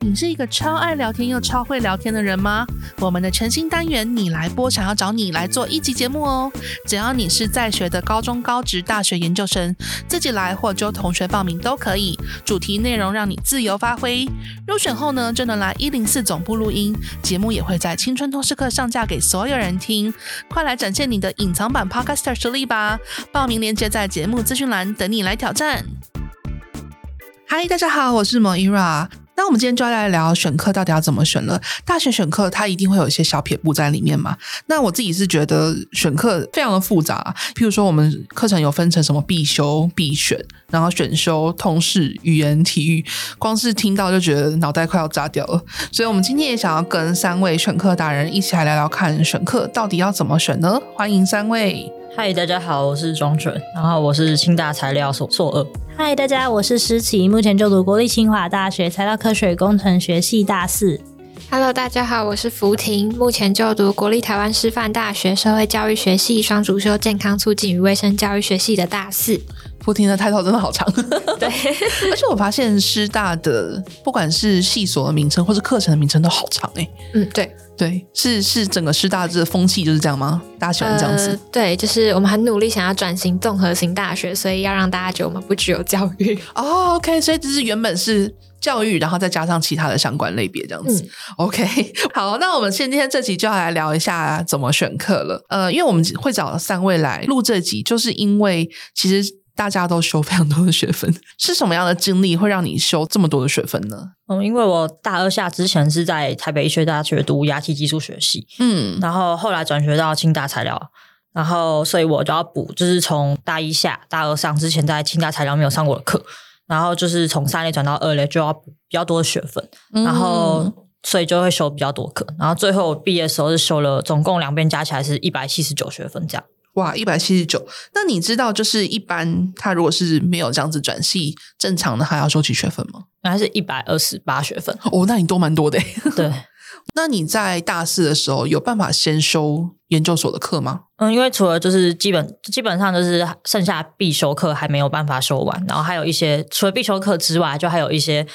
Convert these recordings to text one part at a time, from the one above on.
你是一個超愛聊天又超會聊天的人嗎？我們的全新單元你來播，想要找你來做一集節目哦。只要你是在學的高中、高職、大學、研究生，自己來或揪同學報名都可以。主題內容讓你自由發揮。入選後呢，就能來一零四總部錄音，節目也會在青春通識課上架給所有人聽。快來展現你的隱藏版 Podcaster 實力吧！報名鏈接在節目資訊欄等你來挑戰。嗨，大家好，我是 Moira。那我們今天就要來，來聊選課到底要怎麼選了。大學選課，它一定會有一些小撇步在裡面嘛？那我自己是覺得選課非常的複雜。譬如說，我們課程有分成什麼必修、必選，然後選修、通識、語言、體育，光是聽到就覺得腦袋快要炸掉了。所以我們今天也想要跟三位選課達人一起來聊聊看選課到底要怎麼選呢？歡迎三位。嗨，大家好，我是莊荃，然後我是清大材料所碩二。嗨，大家，我是詩淇，目前就讀國立清華大學材料科學與工程學系大四。Hello，大家好，我是福婷，目前就讀國立台灣師範大學社會教育學系雙主修健康促進與衛生教育學系的大四。不聽的泰套真的好長， 對，而且我發現師大的不管是系所的名稱或是課程的名稱都好長哎、欸，嗯，對對，是是整個師大的這個風氣就是這樣嗎？大家喜歡這樣子？呃、對，就是我們很努力想要轉型綜合型大學，所以要讓大家覺得我們不只有教育哦、oh,，OK，所以這是原本是教育，然後再加上其他的相關類別這樣子、嗯、，OK，好，那我們今天這集就要來聊一下怎麼選課了，呃，因為我們會找三位來錄這集，就是因為其實。大家都修非常多的學分，是什麼樣的經歷會讓你修這麼多的學分呢？嗯，因為我大二下之前是在台北醫學大學讀牙體技術學系，嗯，然後後來轉學到清大材料，然後所以我就要補，就是從大一下、大二上之前在清大材料沒有上過的課，然後就是從三類轉到二類就要補比較多的學分，嗯，然後所以就會修比較多課，然後最後我畢業的時候是修了總共兩邊加起來是一百七十九學分這樣。哇，一百七十九！那你知道，就是一般他如果是沒有這樣子轉系，正常的還要修幾學分嗎？原來是一百二十八學分哦，那你多蠻多的。對，那你在大四的時候有辦法先修研究所的課嗎？嗯，因為除了就是基本基本上，就是剩下必修課還沒有辦法修完，然後還有一些除了必修課之外，就還有一些。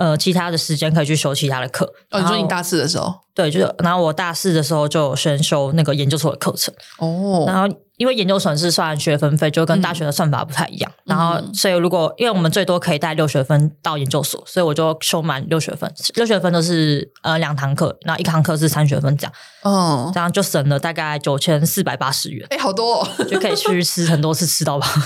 呃，其他的時間可以去修其他的課。哦，就你最近大四的時候。對，就是，然後我大四的時候就有選修那個研究所的課程。哦。然後因為研究所是算學分費，就跟大學的算法不太一樣。嗯、然後，所以如果因為我們最多可以帶六學分到研究所，嗯、所以我就修滿六學分，嗯。六學分都是呃兩堂課，那一堂課是三學分這樣。哦。這樣就省了大概九千四百八十元。哎、欸，好多，哦！就可以去吃很多次吃到吧。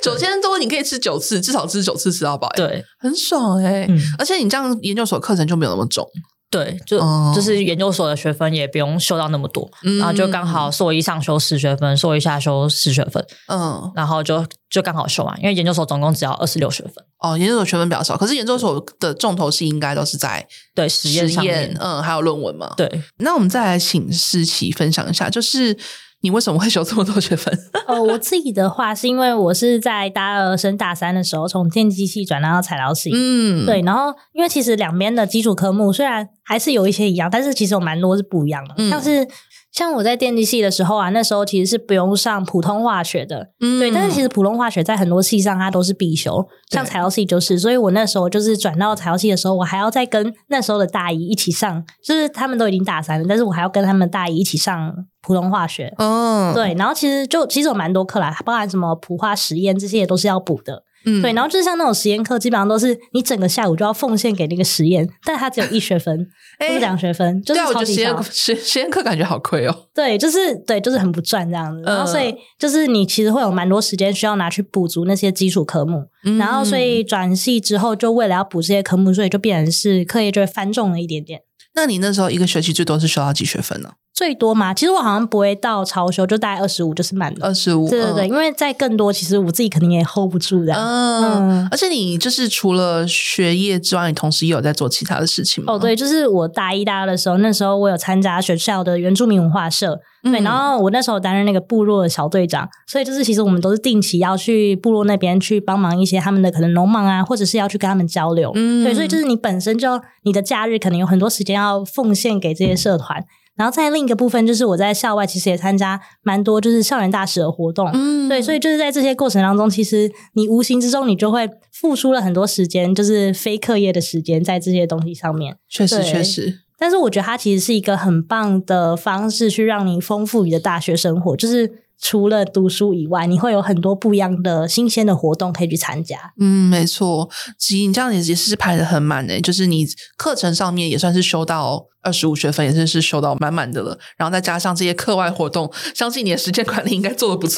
九千多，你可以吃九次，至少吃九次，吃到飽，對，很爽哎、欸嗯！而且你這樣研究所課程就沒有那麼重，對，就、哦、就是研究所的學分也不用修到那麼多，嗯、然後就剛好碩一上修十學分，碩一下修十學分，嗯，然後就就剛好修完，因為研究所總共只要二十六學分。哦，研究所學分比較少，可是研究所的重頭戲應該都是在對實驗上面實驗，嗯，還有論文嘛。對，那我們再來請詩淇分享一下，就是。你為什麼會修這麼多學分？哦，我自己的話 是因為我是在大二升大三的時候，從電機系轉到材料系。嗯，對，然後因為其實兩邊的基礎科目雖然還是有一些一樣，但是其實有蠻多是不一樣的，像、嗯、是。像我在電機系的時候啊，那時候其實是不用上普通化學的，嗯、對。但是其實普通化學在很多系上它都是必修，像材料系就是。所以我那時候就是轉到材料系的時候，我還要再跟那時候的大一一起上，就是他們都已經大三了，但是我還要跟他們大一一起上普通化學。哦、嗯，對，然後其實就其實有蠻多課啦，包含什麼普化實驗這些也都是要補的。嗯，對，然後就是像那種實驗課，基本上都是你整個下午就要奉獻給那個實驗，但它只有一學分或者、 欸、兩學分，就是超級少。實實驗課感覺好虧哦，對，就是對，就是很不賺這樣子、呃。然後所以就是你其實會有蠻多時間需要拿去補足那些基礎科目，嗯、然後所以轉系之後就為了要補這些科目，所以就變成是課業就會翻重了一點點。那你那時候一個學期最多是修到幾學分呢？最多嘛？其實我好像不會到超修，就大概二十五就是滿的。二十五，對對對，嗯、因為再更多，其實我自己肯定也 hold 不住的、嗯。嗯，而且你就是除了學業之外，你同時也有在做其他的事情嗎？哦，對，就是我大一、大二的時候，那時候我有參加學校的原住民文化社，對，嗯、然後我那時候擔任那個部落的小隊長，所以就是其實我們都是定期要去部落那邊去幫忙一些他們的可能農忙啊，或者是要去跟他們交流。嗯，對，所以就是你本身就你的假日可能有很多時間要奉獻給這些社團。然後在另一個部分，就是我在校外其實也參加蠻多，就是校園大使的活動。嗯，對，所以就是在這些過程當中，其實你無形之中你就會付出了很多時間，就是非課業的時間在這些東西上面。確實，確實。但是我覺得它其實是一個很棒的方式，去讓你豐富你的大學生活，就是。除了讀書以外，你會有很多不一樣的、新鮮的活動可以去參加。嗯，沒錯，其實你這樣也也是排得很滿的、欸，就是你課程上面也算是修到二十五學分，也算是修到滿滿的了。然後再加上這些課外活動，相信你的時間管理應該做得不錯。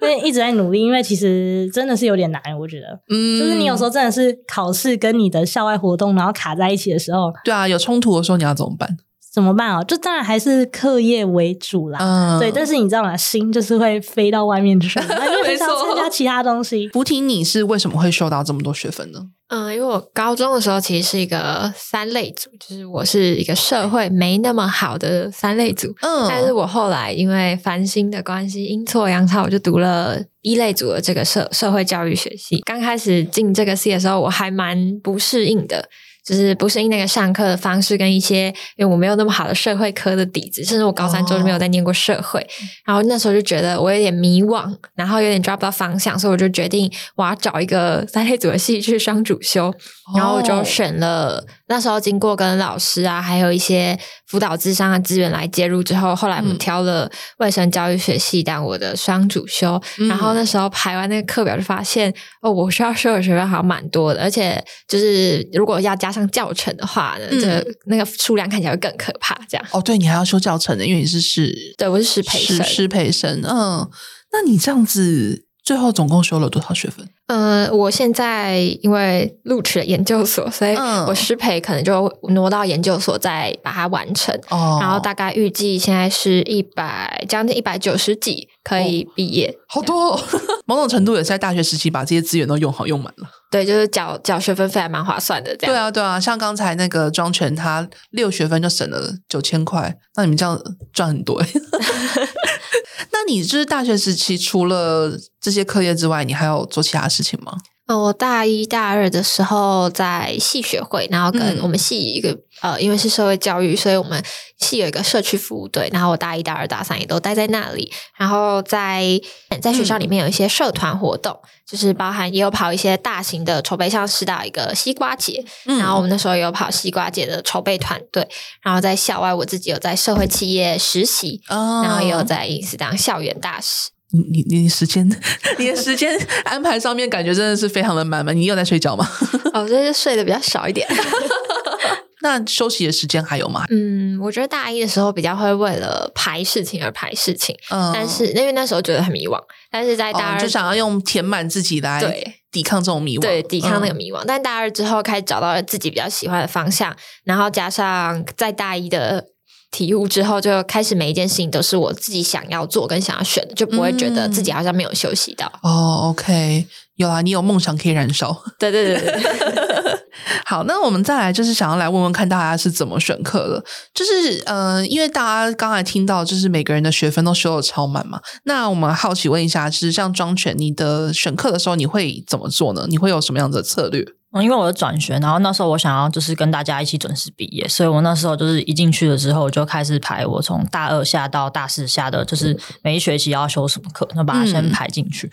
所 以一直在努力，因為其實真的是有點難，我覺得。嗯。就是你有時候真的是考試跟你的校外活動然後卡在一起的時候，對啊，有衝突的時候你要怎麼辦？怎麼辦啊？就當然還是課業為主啦。嗯，對，但是你知道嗎？心就是會飛到外面去，就很想參加其他東西。福婷，不聽你是為什麼會修到這麼多學分呢？嗯，因為我高中的時候其實是一個三類組，就是我是一個社會沒那麼好的三類組。嗯，但是我後來因為繁星的關係，陰錯陽差，我就讀了一類組的這個社社會教育學系。剛開始進這個系的時候，我還蠻不適應的。就是不適應那個上課的方式，跟一些，因為我沒有那麼好的社會科的底子，甚至我高三之後，就沒有再念過社會，哦。然後那時候就覺得我有點迷惘，然後有點抓不到方向，所以我就決定我要找一個三類組的系去雙主修。然後我就選了、哦、那時候經過跟老師啊，還有一些輔導諮商的資源來介入之後，後來我們挑了衛生教育學系當我的雙主修。嗯、然後那時候排完那個課表就發現哦，我需要修的學分好像蠻多的，而且就是如果要加。像教程的話呢，嗯、這個、那個數量看起來會更可怕，這樣。哦，對，你還要修教程的、欸，因為你是師，對，我是師培生，師培生。嗯，那你這樣子，最後總共修了多少學分？呃，我現在因為錄取了研究所，所以我師培可能就挪到研究所再把它完成、嗯。哦，然後大概預計現在是一百，將近一百九十幾可以畢業。哦、好多、哦，某種程度也是在大學時期把這些資源都用好用滿了。 對，就是繳繳學分費還蠻划算的這樣。對啊，對啊，像剛才那個莊荃，他六學分就省了九千塊，那你們這樣賺很多。 那你就是大學時期除了這些課業之外，你還有做其他事事情嗎？哦，我大一大二的時候在系學會，然後跟我們系一個、嗯、呃，因為是社會教育，所以我們系有一個社區服務隊。然後我大一大二大三也都待在那裡。然後在在學校裡面有一些社團活動、嗯，就是包含也有跑一些大型的籌備，像師大一個西瓜節、嗯。然後我們那時候也有跑西瓜節的籌備團隊。然後在校外，我自己有在社會企業實習，哦、然後也有在師大當校園大使。你你你時間，你的時間安排上面感覺真的是非常的滿滿。 你有在睡覺嗎？我、 哦、就是睡得比較少一點。 那休息的時間還有嗎？嗯，我覺得大一的時候比較會為了排事情而排事情，嗯、但是因為那時候覺得很迷惘，但是在大二、哦、就想要用填滿自己來抵抗這種迷惘。對，抵抗那個迷惘。嗯、但大二之後開始找到了自己比較喜歡的方向，然後加上在大一的。體悟之後，就開始每一件事情都是我自己想要做跟想要選的，就不會覺得自己好像沒有休息到。哦、嗯 oh,，OK，有啊，你有夢想可以燃燒。對對對對。 好，那我們再來就是想要來問問看大家是怎麼選課的，就是嗯、呃，因為大家剛才聽到就是每個人的學分都修的超滿嘛，那我們好奇問一下，就是像莊荃你的選課的時候，你會怎麼做呢？你會有什麼樣的策略？嗯，因為我是轉學，然後那時候我想要就是跟大家一起準時畢業，所以我那時候就是一進去了之後就開始排，我從大二下到大四下的就是每一學期要修什麼課，那把它先排進去。嗯，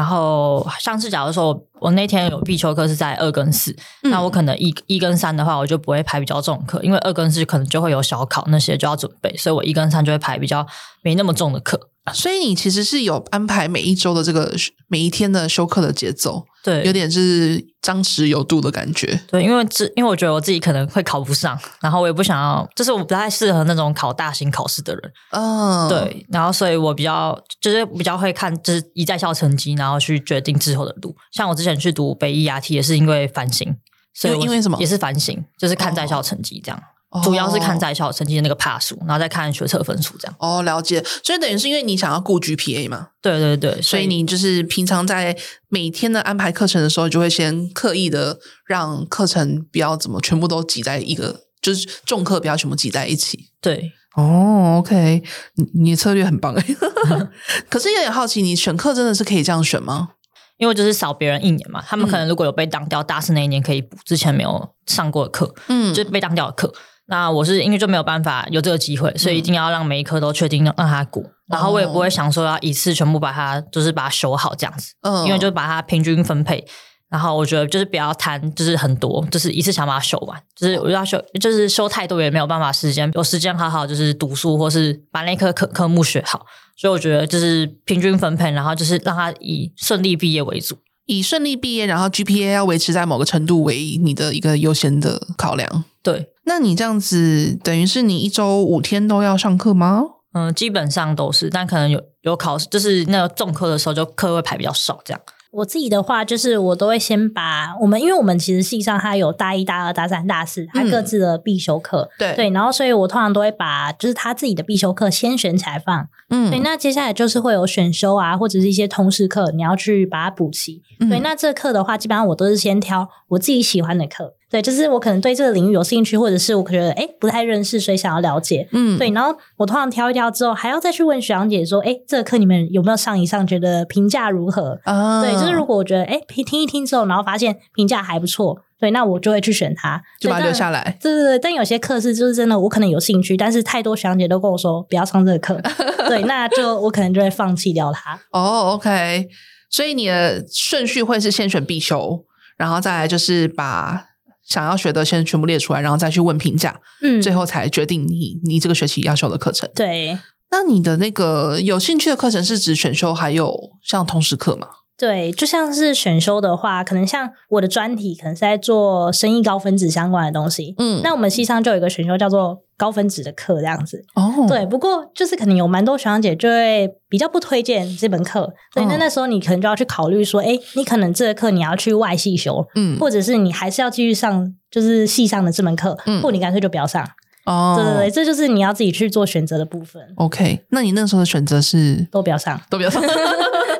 然後上次假如說我那天有必修課是在二跟四，嗯，那我可能一一跟三的話，我就不會排比較重的課，因為二跟四可能就會有小考那些就要準備，所以我一跟三就會排比較沒那麼重的課。所以你其實是有安排每一周的這個每一天的修課的節奏，對，有點就是張弛有度的感覺，對，因為這，因為我覺得我自己可能會考不上，然後我也不想要，就是我不太適合那種考大型考試的人，嗯、oh.，對，然後所以我比較就是比較會看就是一在校成績，然後去決定之後的路，像我之前去讀北醫牙體也是因為繁星，所以因為什麼也是繁星，就是看在校成績這樣。Oh. Oh, 主要是看在校成績的那個 pass 數，然後再看學測分數這樣。哦、oh,，了解。所以等於是因為你想要顧 G P A 嘛？對對對所。所以你就是平常在每天的安排課程的時候，就會先刻意的讓課程不要怎麼全部都擠在一個，就是重課不要全部擠在一起。對。哦、oh,，OK，你你的策略很棒哎、 嗯。可是有點好奇，你選課真的是可以這樣選嗎？因為就是少別人一年嘛，他們可能如果有被當掉，嗯、大四那一年可以補之前沒有上過的課，嗯，就是被當掉的課。那我是因為就沒有辦法有這個機會，所以一定要讓每一科都確定讓他過。嗯，然後我也不會想說要一次全部把它就是把它修好這樣子，嗯，因為就是把它平均分配。然後我覺得就是不要貪，就是很多，就是一次想把它修完，就是我就要修，就是修太多也沒有辦法時間。有時間好好，就是讀書或是把那科科科目學好。所以我覺得就是平均分配，然後就是讓它以順利畢業為主，以順利畢業，然後 GPA 要維持在某個程度為你的一個優先的考量。對。那你這樣子等於是你一周五天都要上課嗎？嗯，基本上都是，但可能有有考試，就是那個重課的時候就課會排比較少，這樣。我自己的話就是我都會先把我們，因為我們其實系上它有大一、大二、大三、大四它各自的必修課，嗯，對對，然後所以我通常都會把就是他自己的必修課先選起來放。嗯，對，那接下來就是會有選修啊，或者是一些通識課，你要去把它補齊。嗯，對，那這課的話，基本上我都是先挑我自己喜歡的課。對，就是我可能對這個領域有興趣，或者是我覺得，哎、欸，不太認識，所以想要了解。嗯，對，然後我通常挑一挑之後，還要再去問學長姐說，哎、欸，這個課你們有沒有上一上，覺得評價如何？啊、哦，對，就是如果我覺得，哎、欸，聽一聽之後，然後發現評價還不錯。對，那我就會去選它，就把他留下來，對。對對對，但有些課是就是真的，我可能有興趣，但是太多學長姐都跟我說不要上這個課， 對，那就我可能就會放棄掉它。哦、oh，OK，所以你的順序會是先選必修，然後再來就是把想要學的先全部列出來，然後再去問評價，嗯，最後才決定你你這個學期要修的課程。對，那你的那個有興趣的課程是指選修，還有像通識課嗎？對，就像是選修的話，可能像我的專題可能是在做生物高分子相關的東西，嗯，那我們系上就有一個選修叫做高分子的課，這樣子。哦，對，不過就是可能有蠻多學長姐就會比較不推薦這門課，所以那那時候你可能就要去考慮說，哎、欸，你可能這個課，你要去外系修，嗯，或者是你還是要繼續上就是系上的這門課，嗯，或你乾脆就不要上，哦，對對對，這就是你要自己去做選擇的部分。OK，那你那時候的選擇是都不要上，都不要上。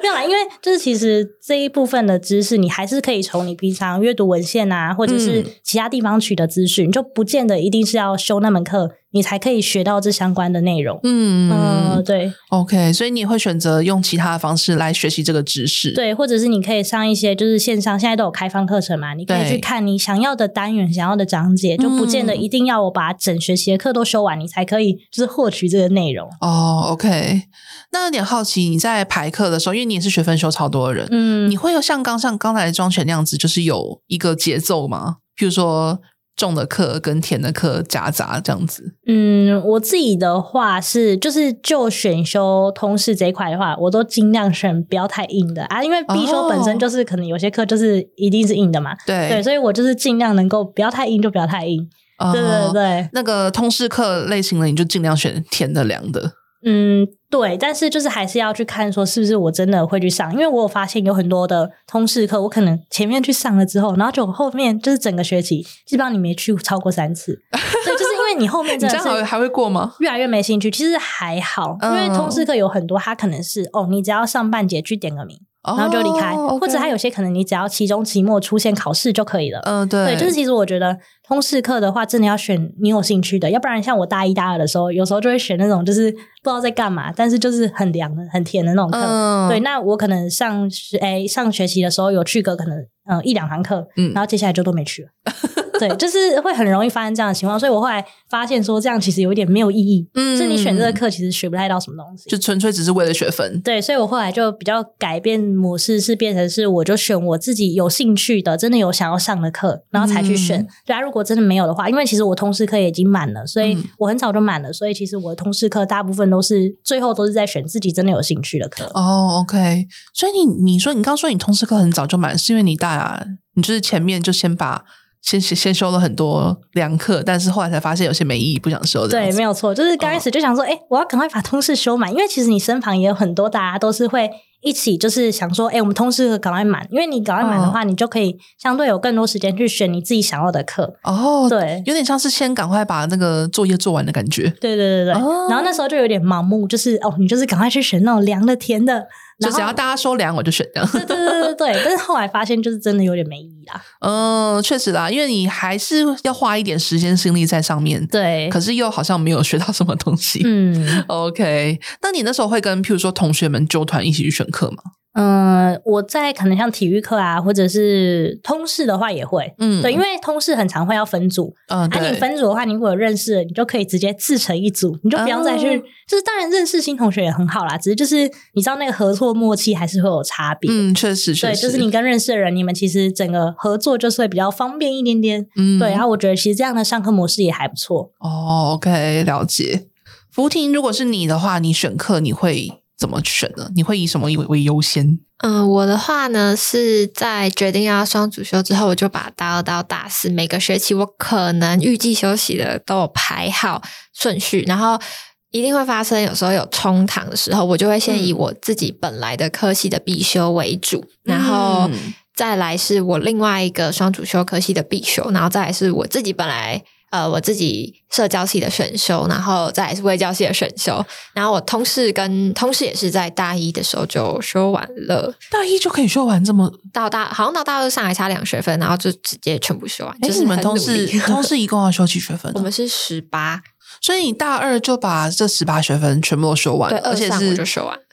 不要啦，因為就是其實這一部分的知識，你還是可以從你平常閱讀文獻啊，或者是其他地方取得資訊，嗯、就不見得一定是要修那門課，你才可以學到這相關的內容。嗯，嗯對，OK，所以你會選擇用其他的方式來學習這個知識，對，或者是你可以上一些就是線上，現在都有開放課程嘛，你可以去看你想要的單元、想要的章節，就不見得一定要我把整學期的課都修完，嗯、你才可以就是獲取這個內容。哦、oh，OK，那有點好奇你在排課的時候，因為你。也是學分修超多的人，嗯，你會有像剛像剛才莊荃那樣子，就是有一個節奏嗎？比如說重的課跟甜的課夾雜這樣子。嗯，我自己的話是，就是就選修通識這一塊的話，我都盡量選不要太硬的啊，因為必修本身就是可能有些課就是一定是硬的嘛。對、哦、對，所以我就是盡量能夠不要太硬就不要太硬。哦、對，對對對，那個通識課類型的你就盡量選甜的涼的。嗯，對，但是就是還是要去看說是不是我真的會去上，因為我有發現有很多的通識課，我可能前面去上了之後，然後就後面就是整個學期基本上你沒去超過三次，對，就是因為你後面真的越越 你這樣還會過嗎？越來越沒興趣，其實還好，因為通識課有很多，它可能是、嗯、哦，你只要上半節去點個名，然後就離開，oh, okay. 或者還有些可能，你只要期中、期末出現考試就可以了。嗯、uh,，對，就是其實我覺得通識課的話，真的要選你有興趣的，要不然像我大一、大二的時候，有時候就會選那種就是不知道在幹嘛，但是就是很涼的、很甜的那種課。Uh, 對，那我可能上學哎、欸、上學期的時候有去個可能嗯、呃、一兩堂課，然後接下來就都沒去了。嗯 對，就是會很容易發生這樣的情況，所以我後來發現說，這樣其實有一點沒有意義。嗯，所以你選這個課，其實學不太到什麼東西，就純粹只是為了學分對。對，所以我後來就比較改變模式，是變成是我就選我自己有興趣的，真的有想要上的課，然後才去選。嗯、對啊，如果真的沒有的話，因為其實我通識課也已經滿了，所以我很早就滿了，所以其實我的通識課大部分都是最後都是在選自己真的有興趣的課。哦，OK，所以你你說你剛，剛說你通識課很早就滿是因為你大家、啊、你就是前面就先把。先先先修了很多涼課，但是後來才發現有些沒意義，不想修的。對，沒有錯，就是剛開始就想說，哎、哦欸，我要趕快把通識修滿，因為其實你身旁也有很多大家都是會一起，就是想說，哎、欸，我們通識趕快滿，因為你趕快滿的話、哦，你就可以相對有更多時間去選你自己想要的課。哦，對，有點像是先趕快把那個作業做完的感覺。對對對對。哦、然後那時候就有點盲目，就是哦，你就是趕快去選那種涼的、甜的。就只要大家說涼，我就選涼。對對對對對， 但是後來發現就是真的有點沒意義啦。嗯，確實啦，因為你還是要花一點時間心力在上面。對，可是又好像沒有學到什麼東西。嗯，OK。那你那時候會跟譬如說同學們揪團一起去選課嗎？嗯、呃，我在可能像體育課啊，或者是通識的話也會，嗯，對，因為通識很常會要分組，嗯，對，啊、你分組的話，你如果有認識了，你就可以直接自成一組，你就不用再去、嗯，就是當然認識新同學也很好啦，只是就是你知道那個合作默契還是會有差別，嗯，確實，確實對，就是你跟認識的人，你們其實整個合作就是會比較方便一點點，嗯，對，然、啊、後我覺得其實這樣的上課模式也還不錯，哦，OK，了解。福婷，如果是你的話，你選課你會？怎麼選呢？你會以什麼為為優先？嗯，我的話呢是在決定要雙主修之後，我就把大二到大四每個學期我可能預計修習的都有排好順序，然後一定會發生，有時候有衝堂的時候，我就會先以我自己本來的科系的必修為主、嗯，然後再來是我另外一個雙主修科系的必修，然後再來是我自己本來。呃，我自己社教系的選修，然後再是衛教系的選修，然後我通識跟通識也是在大一的時候就修完了。大一就可以修完這麼到大，好像到大二上還差兩學分，然後就直接全部修完。就是你們通識通識一共要修幾學分？我們是十八。所以你大二就把這十八學分全部都修完、完，而且是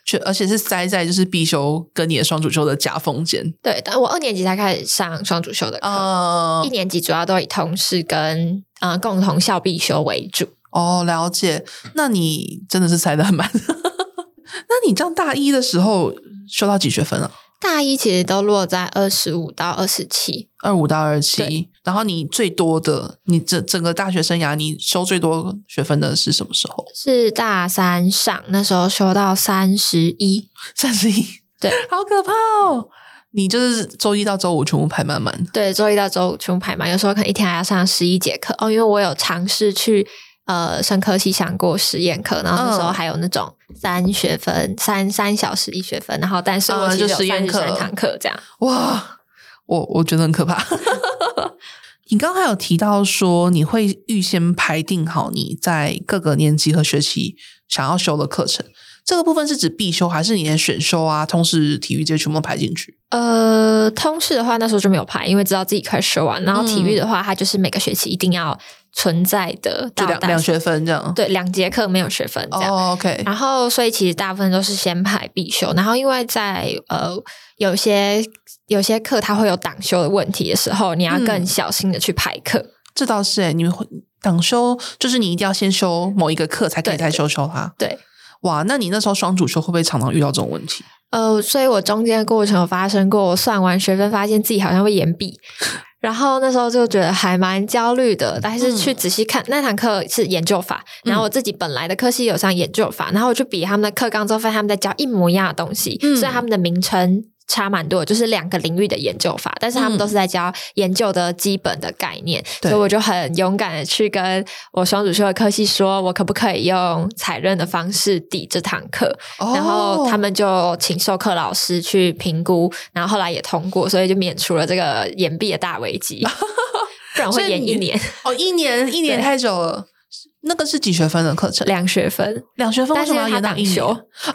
就而且是塞在就是必修跟你的雙主修的夾縫間。對，但我二年級才開始上雙主修的課，呃，一年級主要都以通識跟。啊、呃，共同校必修為主。哦，了解。那你真的是猜得很滿。 那你上大一的時候修到幾學分了、啊？大一其實都落在二十五到二十七，二五到二十七。然後你最多的，你整整個大學生涯你修最多學分的是什麼時候？是大三上，那時候修到三十一，三十一。對，好可怕哦。你就是週一到週五全部排滿滿，對，週一到週五全部排滿，有時候可能一天還要上十一節課哦。因為我有嘗試去呃，升科系想過實驗課，然後那時候還有那種三學分、嗯、三三小時一學分，然後但是我只有實驗課三堂課這樣、嗯，就實驗課。哇，我我覺得很可怕。 你剛剛有提到說你會預先排定好你在各個年級和學期想要修的課程。這個部分是指必修還是你的選修啊？通識體育這些全部排進去？呃，通識的話那時候就沒有排，因為知道自己快修完、嗯。然後體育的話，它就是每個學期一定要存在的大大學，就兩,兩學分這樣。對，兩節課沒有學分這樣哦，OK。然後所以其實大部分都是先排必修。然後因為在呃有些有些課它會有擋修的問題的時候，你要更小心的去排課。嗯、這倒是哎，你會擋修就是你一定要先修某一個課才可以再修修它。對,對,對,對。哇，那你那時候雙主修會不會常常遇到這種問題？呃，所以我中間的過程有發生過，我算完學分發現自己好像會延畢，然後那時候就覺得還蠻焦慮的。但是去仔細看、嗯、那堂課是研究法，然後我自己本來的科系有上研究法，嗯、然後我去比他們的課綱之後發現他們在教一模一樣的東西，嗯、所以他們的名稱差蠻多，就是兩個領域的研究法，但是他們都是在教研究的基本的概念，嗯、對，所以我就很勇敢的去跟我雙主修的科系說，我可不可以用採認的方式抵這堂課。哦，然後他們就請授課老師去評估，然後後來也通過，所以就免除了這個延畢的大危機，不然會延一年哦，一年一年太久了。那個是幾學分的課程？兩學分，兩學分為什麼要延檔一修？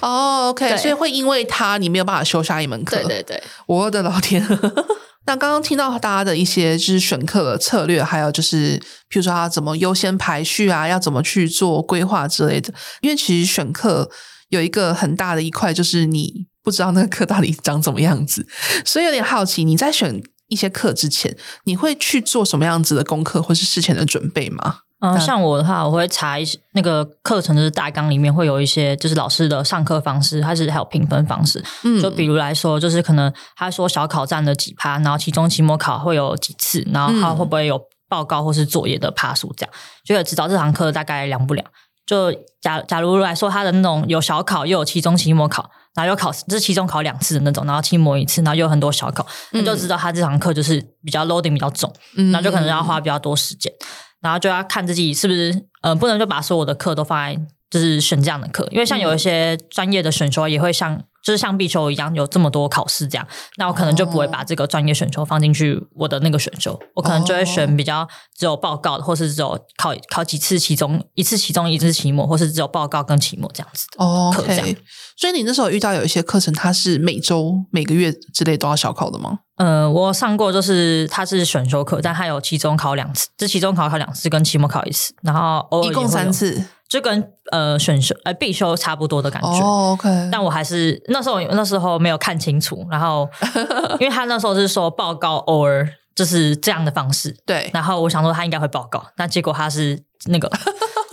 哦、oh，OK，所以會因為他，你沒有辦法修下一門課。對對對，我的老天！ 那剛剛聽到大家的一些就是選課的策略，還有就是譬如說他怎麼優先排序啊，要怎麼去做規劃之類的。因為其實選課有一個很大的一塊，就是你不知道那個課到底長什麼樣子，所以有點好奇，你在選一些課之前，你會去做什麼樣子的功課，或是事前的準備嗎？嗯，像我的話，我會查一些那個課程就是大綱裡面會有一些，就是老師的上課方式，還是還有評分方式。嗯，就比如來說，就是可能他說小考占了幾趴，然後期中期末考會有幾次，然後他會不會有報告或是作業的趴數，這樣、嗯、就有知道這堂課大概量不量。就假假如來說，他的那種有小考又有期中、期末考，然後又考這期、就是、中考兩次的那種，然後期末一次，然後又有很多小考，他、嗯、就知道他這堂課就是比較 loading 比較重，嗯、然後就可能要花比較多時間。然後就要看自己是不是，呃，不能就把所有的課都放在，就是選這樣的課，因為像有一些專業的選修也會像。就是像必修一樣有這麼多考試這樣，那我可能就不會把這個專業選修放進去我的那個選修。我可能就會選比較只有報告的，或是只有考考幾次期中，一次期中一次，期中一次，期末，或是只有報告跟期末這樣子的哦，這樣。Oh, okay. 所以你那時候遇到有一些課程，它是每周、每個月之類都要小考的嗎？呃，我上過就是它是選修課，但它有期中考兩次，這期中考考兩次跟期末考一次，然後一共三次。就跟呃選修呃必修差不多的感覺、oh,，OK，但我還是那時候那時候沒有看清楚，然後 因為他那時候是說報告 or 就是這樣的方式，對，然後我想說他應該會報告，那結果他是那個，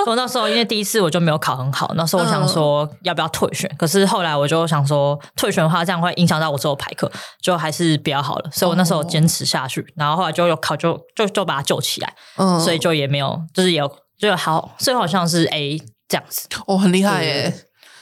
我 那時候因為第一次我就沒有考很好，那時候我想說要不要退選，uh... 可是後來我就想說退選的話這樣會影響到我之後排課，就還是比較好了，所以我那時候堅持下去，uh... 然後後來就有考就就就把他救起來，嗯、uh...，所以就也沒有就是也有。就好，最後好像是 A 這樣子哦，很厲害耶！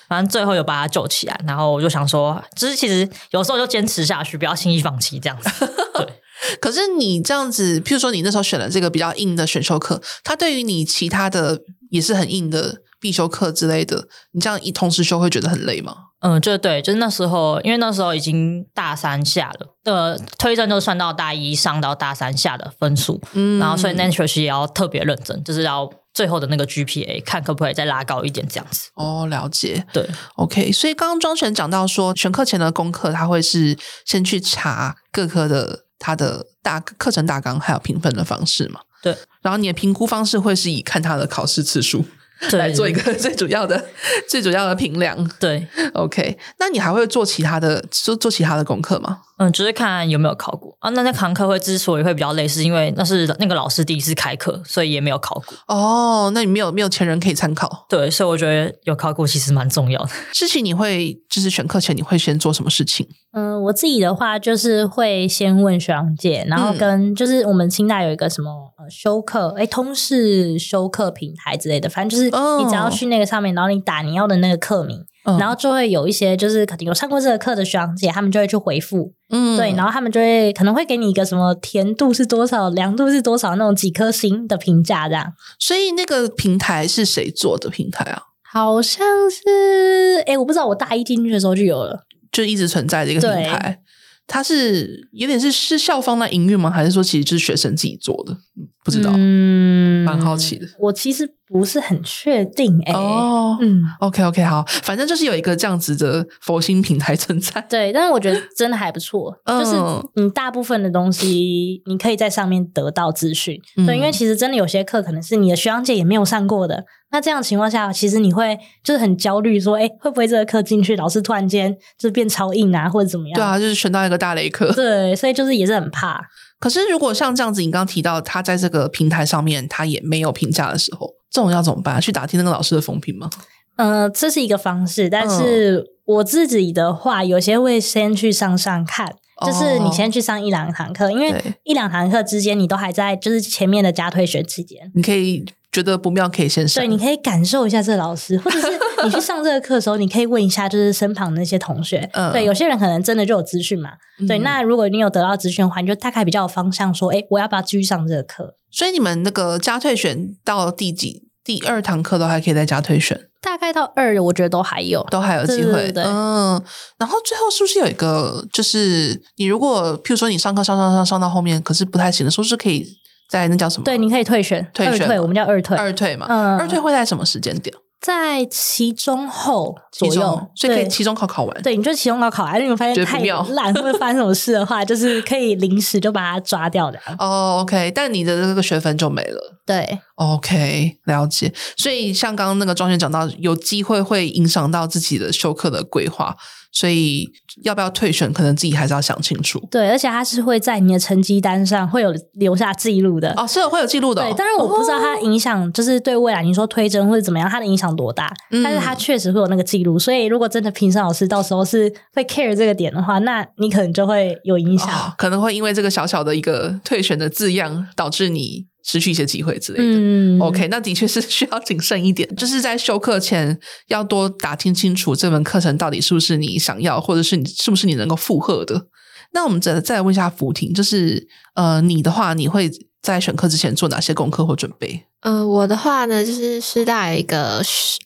反正最後有把他救起來，然後我就想說，就是其實有時候就堅持下去，不要輕易放棄這樣子。對， 可是你這樣子，譬如說你那時候選了這個比較硬的選修課，它對於你其他的也是很硬的必修課之類的，你這樣一同時修會覺得很累嗎？嗯，就對，就是那時候因為那時候已經大三下了，呃，推甄都算到大一上到大三下的分數，嗯，然後所以那學期也要特別認真，就是要。最後的那個 GPA，看可不可以再拉高一點，這樣子。哦，了解。對，OK。所以剛剛莊荃講到說，選課前的功課，他會是先去查各科的他的大課程大綱，還有評分的方式嘛？對。然後你的評估方式會是以看他的考試次數，對，來做一個最主要的 最主要的評量。對，OK。那你還會做其他的，做做其他的功課嗎？嗯，只、就是看有沒有考古啊。那那堂課會之所以會比較累，是因為那是那個老師第一次開課，所以也沒有考古。哦，那你沒有沒有前人可以參考。對，所以我覺得有考古其實蠻重要的。之前你會就是選課前你會先做什麼事情？嗯，我自己的話就是會先問學長姐，然後跟就是我們清大有一個什麼呃修課，哎、欸，通識修課平台之類的，反正就是你只要去那個上面，然後你打你要的那個課名。然後就會有一些，就是肯定有上過這個課的學長姐，他們就會去回復，嗯，對，然後他們就會可能會給你一個什麼甜度是多少，涼度是多少，那種幾顆星的評價這樣。所以那個平台是誰做的平台啊？好像是，哎，我不知道，我大一進去的時候就有了，就一直存在的一個平台。它是有點是是校方在營運嗎？還是說其實就是學生自己做的？不知道，嗯，蠻好奇的。我其實不是很確定、欸，哎，哦，嗯，OK OK，好，反正就是有一個這樣子的佛心平台存在。對，但是我覺得真的還不錯， 就是你大部分的東西你可以在上面得到資訊。對、嗯，因為其實真的有些課可能是你的學長姐也沒有上過的。那這樣的情況下，其實你會就是很焦慮說，說哎，會不會這個課進去，老師突然間就變超硬啊，或者怎麼樣？對啊，就是選到一個大雷課。對，所以就是也是很怕。可是如果像這樣子，你剛剛提到他在這個平台上面，他也沒有評價的時候，這種要怎麼辦？去打聽那個老師的風評嗎？嗯、呃，這是一個方式。但是我自己的話，嗯、有些會先去上上看、哦，就是你先去上一兩堂課，因為一兩堂課之間，你都還在就是前面的加退選期間，你可以。覺得不妙可以先。對，你可以感受一下這個老師，或者是你去上這個課的時候，你可以問一下，就是身旁的那些同學。嗯， 對，有些人可能真的就有資訊嘛、嗯。對，那如果你有得到資訊的話，你就大概比較有方向，說，哎、欸，我要不要繼續上這個課？所以你們那個加退選到第幾，第二堂課都還可以再加退選？大概到二，我覺得都還有，都還有機會，對對對對。嗯，然後最後是不是有一個，就是你如果譬如說你上課上上上上，上到後面，可是不太行的時候，說是可以。在那叫什麼？對，你可以退選，退選，我們叫二退，二退嘛、嗯。二退會在什麼時間點？在期中後左右，所以可以期中考考完。對，你就期中考考完，你為有有發現太爛，會不會 發生什麼事的話，就是可以臨時就把它抓掉的。哦、oh,，OK，但你的那個學分就沒了。對，OK，了解。所以像剛剛那個莊學講到，有機會會影響到自己的修課的規劃。所以要不要退選，可能自己還是要想清楚。對，而且他是會在你的成績單上會有留下記錄的。哦，是會有記錄的、哦。對，當然我不知道他影響、哦、就是對未來你說推甄或者怎麼樣，他的影響多大。嗯，但是他確實會有那個記錄。嗯、所以如果真的評審老師到時候是會 care 這個點的話，那你可能就會有影響。哦、可能會因為這個小小的一個退選的字樣，導致你，失去一些機會之類的、嗯、，OK，那的確是需要謹慎一點，就是在修課前要多打聽清楚這門課程到底是不是你想要，或者是你是不是你能夠負荷的。那我們再再來問一下福婷，就是呃，你的話你會在選課之前做哪些功課或準備？嗯、呃，我的話呢，就是師大有一個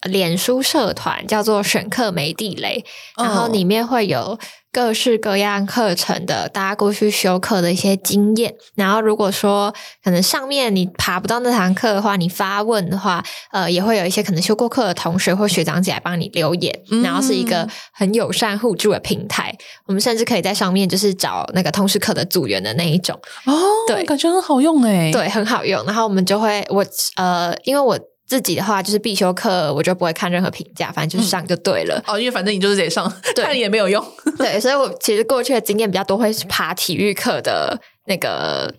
臉書社團叫做“選課沒地雷、哦”，然後裡面會有，各式各樣課程的大家過去修課的一些經驗，然後如果說可能上面你爬不到那堂課的話，你發問的話，呃，也會有一些可能修過課的同學或學長姐來幫你留言，嗯，然後是一個很友善互助的平台。我們甚至可以在上面就是找那個通識課的組員的那一種哦，對，感覺很好用誒、欸。對，很好用。然後我們就會我呃，因為我。自己的話就是必修課，我就不會看任何評價，反正就是上就對了。嗯。哦，因為反正你就是得上，對，看你也沒有用。 對，所以我其實過去的經驗比較多，會爬體育課的。那個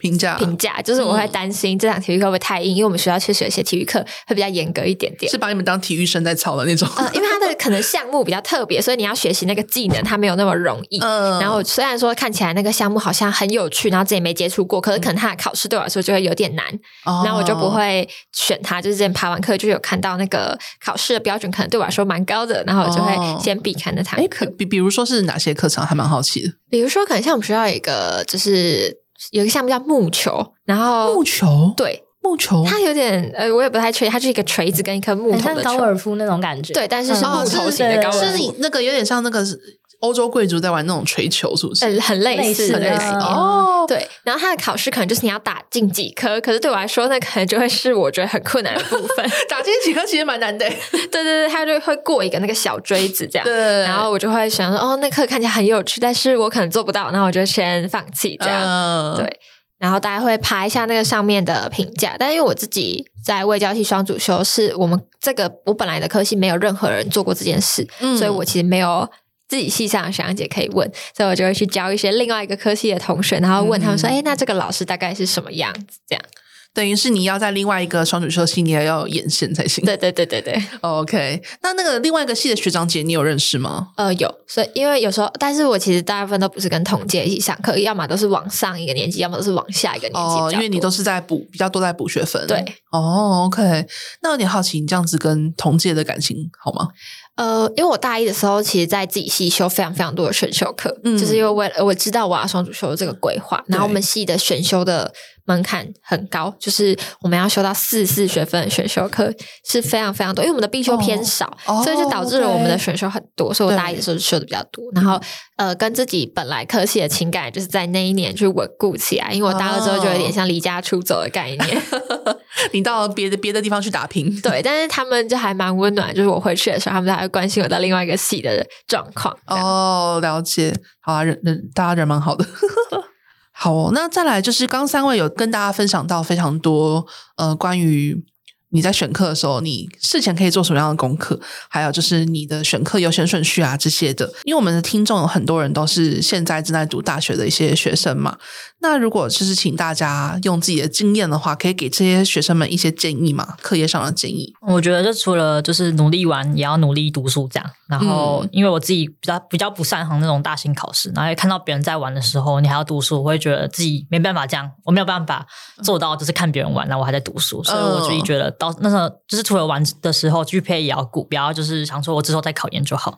評價評價就是我會擔心這堂體育課會不會太硬，嗯，因為我們學校確實有些體育課會比較嚴格一點點，是把你們當體育生在操的那種。嗯，因為他的可能項目比較特別， 所以你要學習那個技能，它沒有那麼容易，嗯。然後雖然說看起來那個項目好像很有趣，然後自己沒接觸過，可是可能他的考試對我來說就會有點難。那，哦，我就不會選他，就是之前排完課就有看到那個考試的標準，可能對我來說蠻高的，然後我就會先避開那場。哎，可比比如說是哪些課程還蠻好奇的，比如說可能像我們學校有一個就是。有一個項目叫木球，然後木球對木球它有點呃，我也不太確定，它就是一個錘子跟一顆木頭的球，欸、像高爾夫那種感覺，對，但是是木頭型的高爾夫，嗯，哦、是，是，是，是那個有點像那個歐洲貴族在玩那種槌球，是不是？嗯、很類似，類似，很類似哦。對，然後他的考試可能就是你要打進幾顆， 可是對我來說，那可能就會是我覺得很困難的部分。 打進幾顆其實蠻難的。 對對對，他就會過一個那個小錐子這樣。對。然後我就會想說，哦，那課看起來很有趣，但是我可能做不到，那我就先放棄這樣、嗯。對。然後大家會拍一下那個上面的評價，但因為我自己在衛教系雙主修，是我們這個我本來的科系沒有任何人做過這件事，嗯、所以我其實沒有。自己系上的學長姐可以問，所以我就會去教一些另外一個科系的同學，然後問他們說：“哎、嗯欸，那這個老師大概是什麼樣子？”這樣等於是你要在另外一個雙主修的系，你也要有眼線才行。對對對對對，OK。那那個另外一個系的學長姐，你有認識嗎？呃，有。所以因為有時候，但是我其實大部分都不是跟同屆一起上課，要麼都是往上一個年級，要麼都是往下一個年級。哦，因為你都是在補，比較多在補學分。對。哦，OK。那有點好奇，你這樣子跟同屆的感情好嗎？呃，因為我大一的時候，其實在自己系修非常非常多的選修課，嗯，就是因為我知道我要雙主修這個規劃，然後我們系的選修的。門檻很高，就是我們要修到四四學分的選修課是非常非常多，因為我們的必修偏少，oh, 所以就導致了我們的選修很多。Oh, okay. 所以我大一的時候就修的比較多，然後呃，跟自己本來科系的情感就是在那一年去穩固起來。因為我大二之後就有點像離家出走的概念，oh. 你到別的別的地方去打拼。對，但是他們就還蠻溫暖，就是我回去的時候，他們還會關心我到另外一個系的狀況。哦，oh, 了解，好啊，人人大家人蠻好的。 好哦，那再來就是剛三位有跟大家分享到非常多，呃，關於，你在選課的時候，你事前可以做什麼樣的功課？還有就是你的選課優先順序啊這些的，因為我們的聽眾有很多人都是現在正在讀大學的一些學生嘛。那如果就是請大家用自己的經驗的話，可以給這些學生們一些建議嘛，課業上的建議。我覺得就除了就是努力玩，也要努力讀書這樣。然後因為我自己比較比較不擅長那種大型考試，然後也看到別人在玩的時候，你還要讀書，我會覺得自己沒辦法這樣，我沒有辦法做到就是看別人玩，然後我還在讀書，所以我自己覺得。那時候就是除了玩的時候，GPA 也要顧，不要就是想說，我之後再考研就好。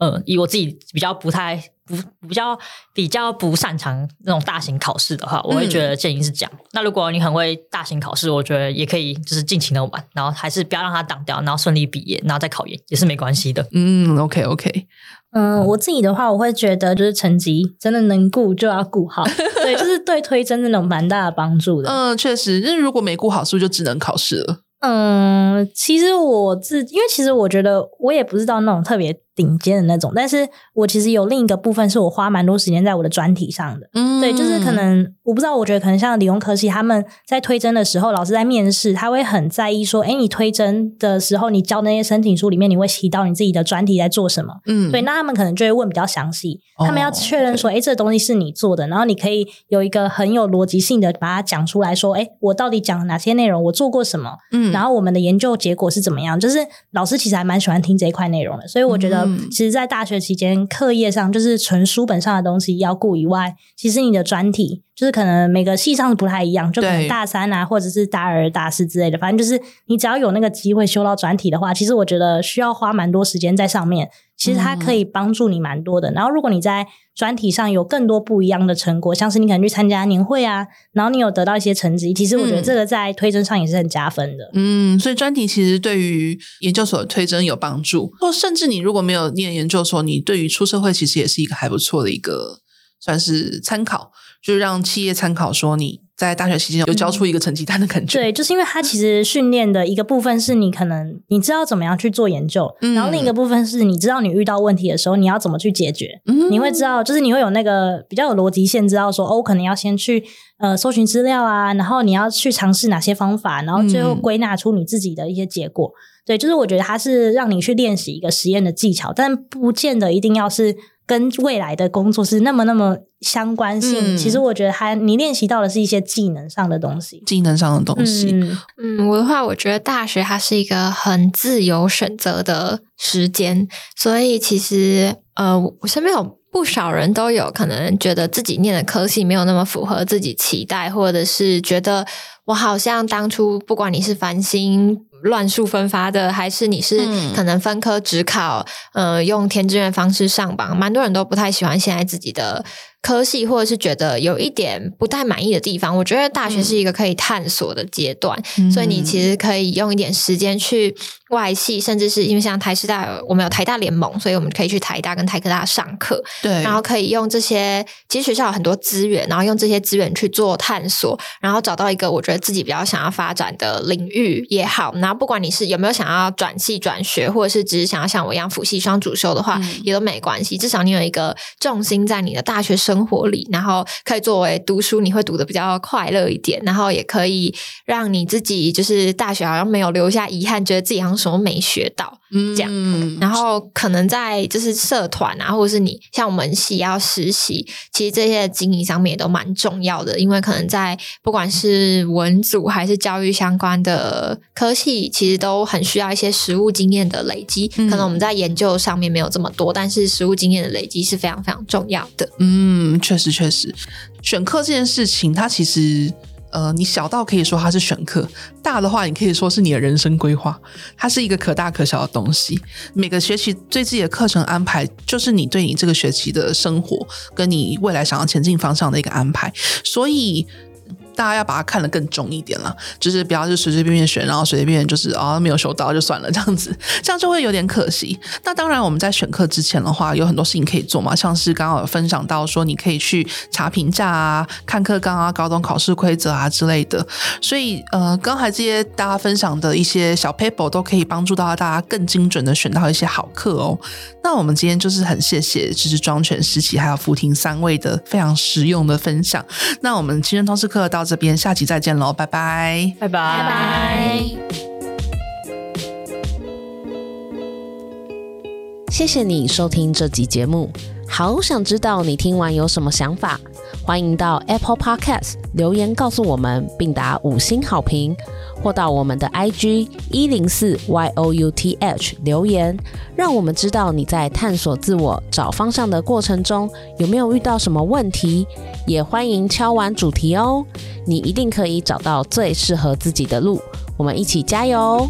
嗯，以我自己比較不太不比較比較不擅長那種大型考試的話，我會覺得建議是這樣。嗯、那如果你很會大型考試，我覺得也可以就是盡情的玩，然後還是不要讓它擋掉，然後順利畢業，然後再考研也是沒關係的。嗯，OK OK。嗯，我自己的話，我會覺得就是成績真的能顧就要顧好， 對，就是對推真的那種蠻大的幫助的。嗯，確實。那如果沒顧好，是不是就只能考試了？嗯，其實我自，因為其實我覺得我也不知道那種特別，頂尖的那種，但是我其實有另一個部分，是我花蠻多時間在我的專題上的。嗯，對，就是可能我不知道，我覺得可能像理工科系，他們在推甄的時候，老師在面試，他會很在意說，哎、欸，你推甄的時候，你交那些申請書裡面，你會提到你自己的專題在做什麼？嗯，對，那他們可能就會問比較詳細、哦，他們要確認說，哎、okay. 欸，這東西是你做的，然後你可以有一個很有邏輯性的把它講出來，說，哎、欸，我到底講哪些內容，我做過什麼？嗯，然後我們的研究結果是怎麼樣？就是老師其實還蠻喜歡聽這一塊內容的，所以我覺得、嗯。其實，在大學期間，課業上就是純書本上的東西要顧以外，其實你的專題就是可能每個系上不太一樣，就可能大三啊，或者是大二、大四之類的。反正就是你只要有那個機會修到專題的話，其實我覺得需要花蠻多時間在上面。其實它可以幫助你蠻多的。嗯、然後，如果你在專題上有更多不一樣的成果，像是你可能去參加年會啊，然後你有得到一些成績，其實我覺得這個在推甄上也是很加分的。嗯，嗯，所以專題其實對於研究所的推甄有幫助，或甚至你如果沒有念研究所，你對於出社會其實也是一個還不錯的一個算是參考，就讓企業參考說你。在大學期間有交出一個成績單的感覺、嗯，對，就是因為他其實訓練的一個部分是你可能你知道怎麼樣去做研究、嗯，然後另一個部分是你知道你遇到問題的時候，你要怎麼去解決，嗯、你會知道就是你會有那個比較有邏輯性，知道說哦，可能要先去呃搜尋資料啊，然後你要去嘗試哪些方法，然後最後歸納出你自己的一些結果、嗯。對，就是我覺得它是讓你去練習一個實驗的技巧，但不見得一定要是。跟未來的工作是那麼那麼相關性，嗯、其實我覺得它你練習到的是一些技能上的東西，技能上的東西。嗯，我的話，我覺得大學它是一個很自由選擇的時間，所以其實呃，我身邊有不少人都有可能覺得自己念的科系沒有那麼符合自己期待，或者是覺得。我好像當初不管你是繁星亂數分發的，還是你是可能分科指考、嗯，呃，用填志願方式上榜，蠻多人都不太喜歡現在自己的科系，或者是覺得有一點不太滿意的地方。我覺得大學是一個可以探索的階段，嗯，所以你其實可以用一點時間去外系，甚至是因為像台師大，我們有台大聯盟，所以我們可以去台大跟台科大上課，對，然後可以用這些其實學校有很多資源，然後用這些資源去做探索，然後找到一個我覺得。自己比較想要發展的領域也好，然後不管你是有沒有想要轉系轉學，或者是只是想要像我一樣輔系雙主修的話，嗯、也都沒關係。至少你有一個重心在你的大學生活裡，然後可以作為讀書，你會讀得比較快樂一點，然後也可以讓你自己就是大學好像沒有留下遺憾，覺得自己好像什麼沒學到、嗯、這樣。然後可能在就是社團啊，或者是你像我們系要實習，其實這些經營上面也都蠻重要的，因為可能在不管是我。本組還是教育相關的科系，其實都很需要一些實務經驗的累積、嗯。可能我們在研究上面沒有這麼多，但是實務經驗的累積是非常非常重要的。嗯，確實確實，選課這件事情，它其實呃，你小到可以說它是選課，大的話你可以說是你的人生規劃。它是一個可大可小的東西。每個學期對自己的課程安排，就是你對你這個學期的生活跟你未來想要前進方向的一個安排。所以。大家要把它看得更重一點了，就是不要就隨隨便便選，然後隨隨便便就是啊、哦、沒有修到就算了這樣子，這樣就會有點可惜。那當然我們在選課之前的話，有很多事情可以做嘛，像是剛剛有分享到說你可以去查評價啊、看課綱啊、高中考試規則啊之類的。所以呃，剛才這些大家分享的一些小撇步都可以幫助到大家更精準的選到一些好課哦。那我們今天就是很謝謝就是莊荃、詩淇還有福婷三位的非常實用的分享。那我們青春通識課到這邊下期再見嘍，拜拜，拜拜，拜拜。謝謝你收聽這集節目，好想知道你聽完有什麼想法，歡迎到 Apple Podcast 留言告訴我們，並打五星好評。或到我們的 IG 104 Youth 留言，讓我們知道你在探索自我、找方向的過程中有沒有遇到什麼問題。也歡迎敲完主題哦，你一定可以找到最適合自己的路。我們一起加油！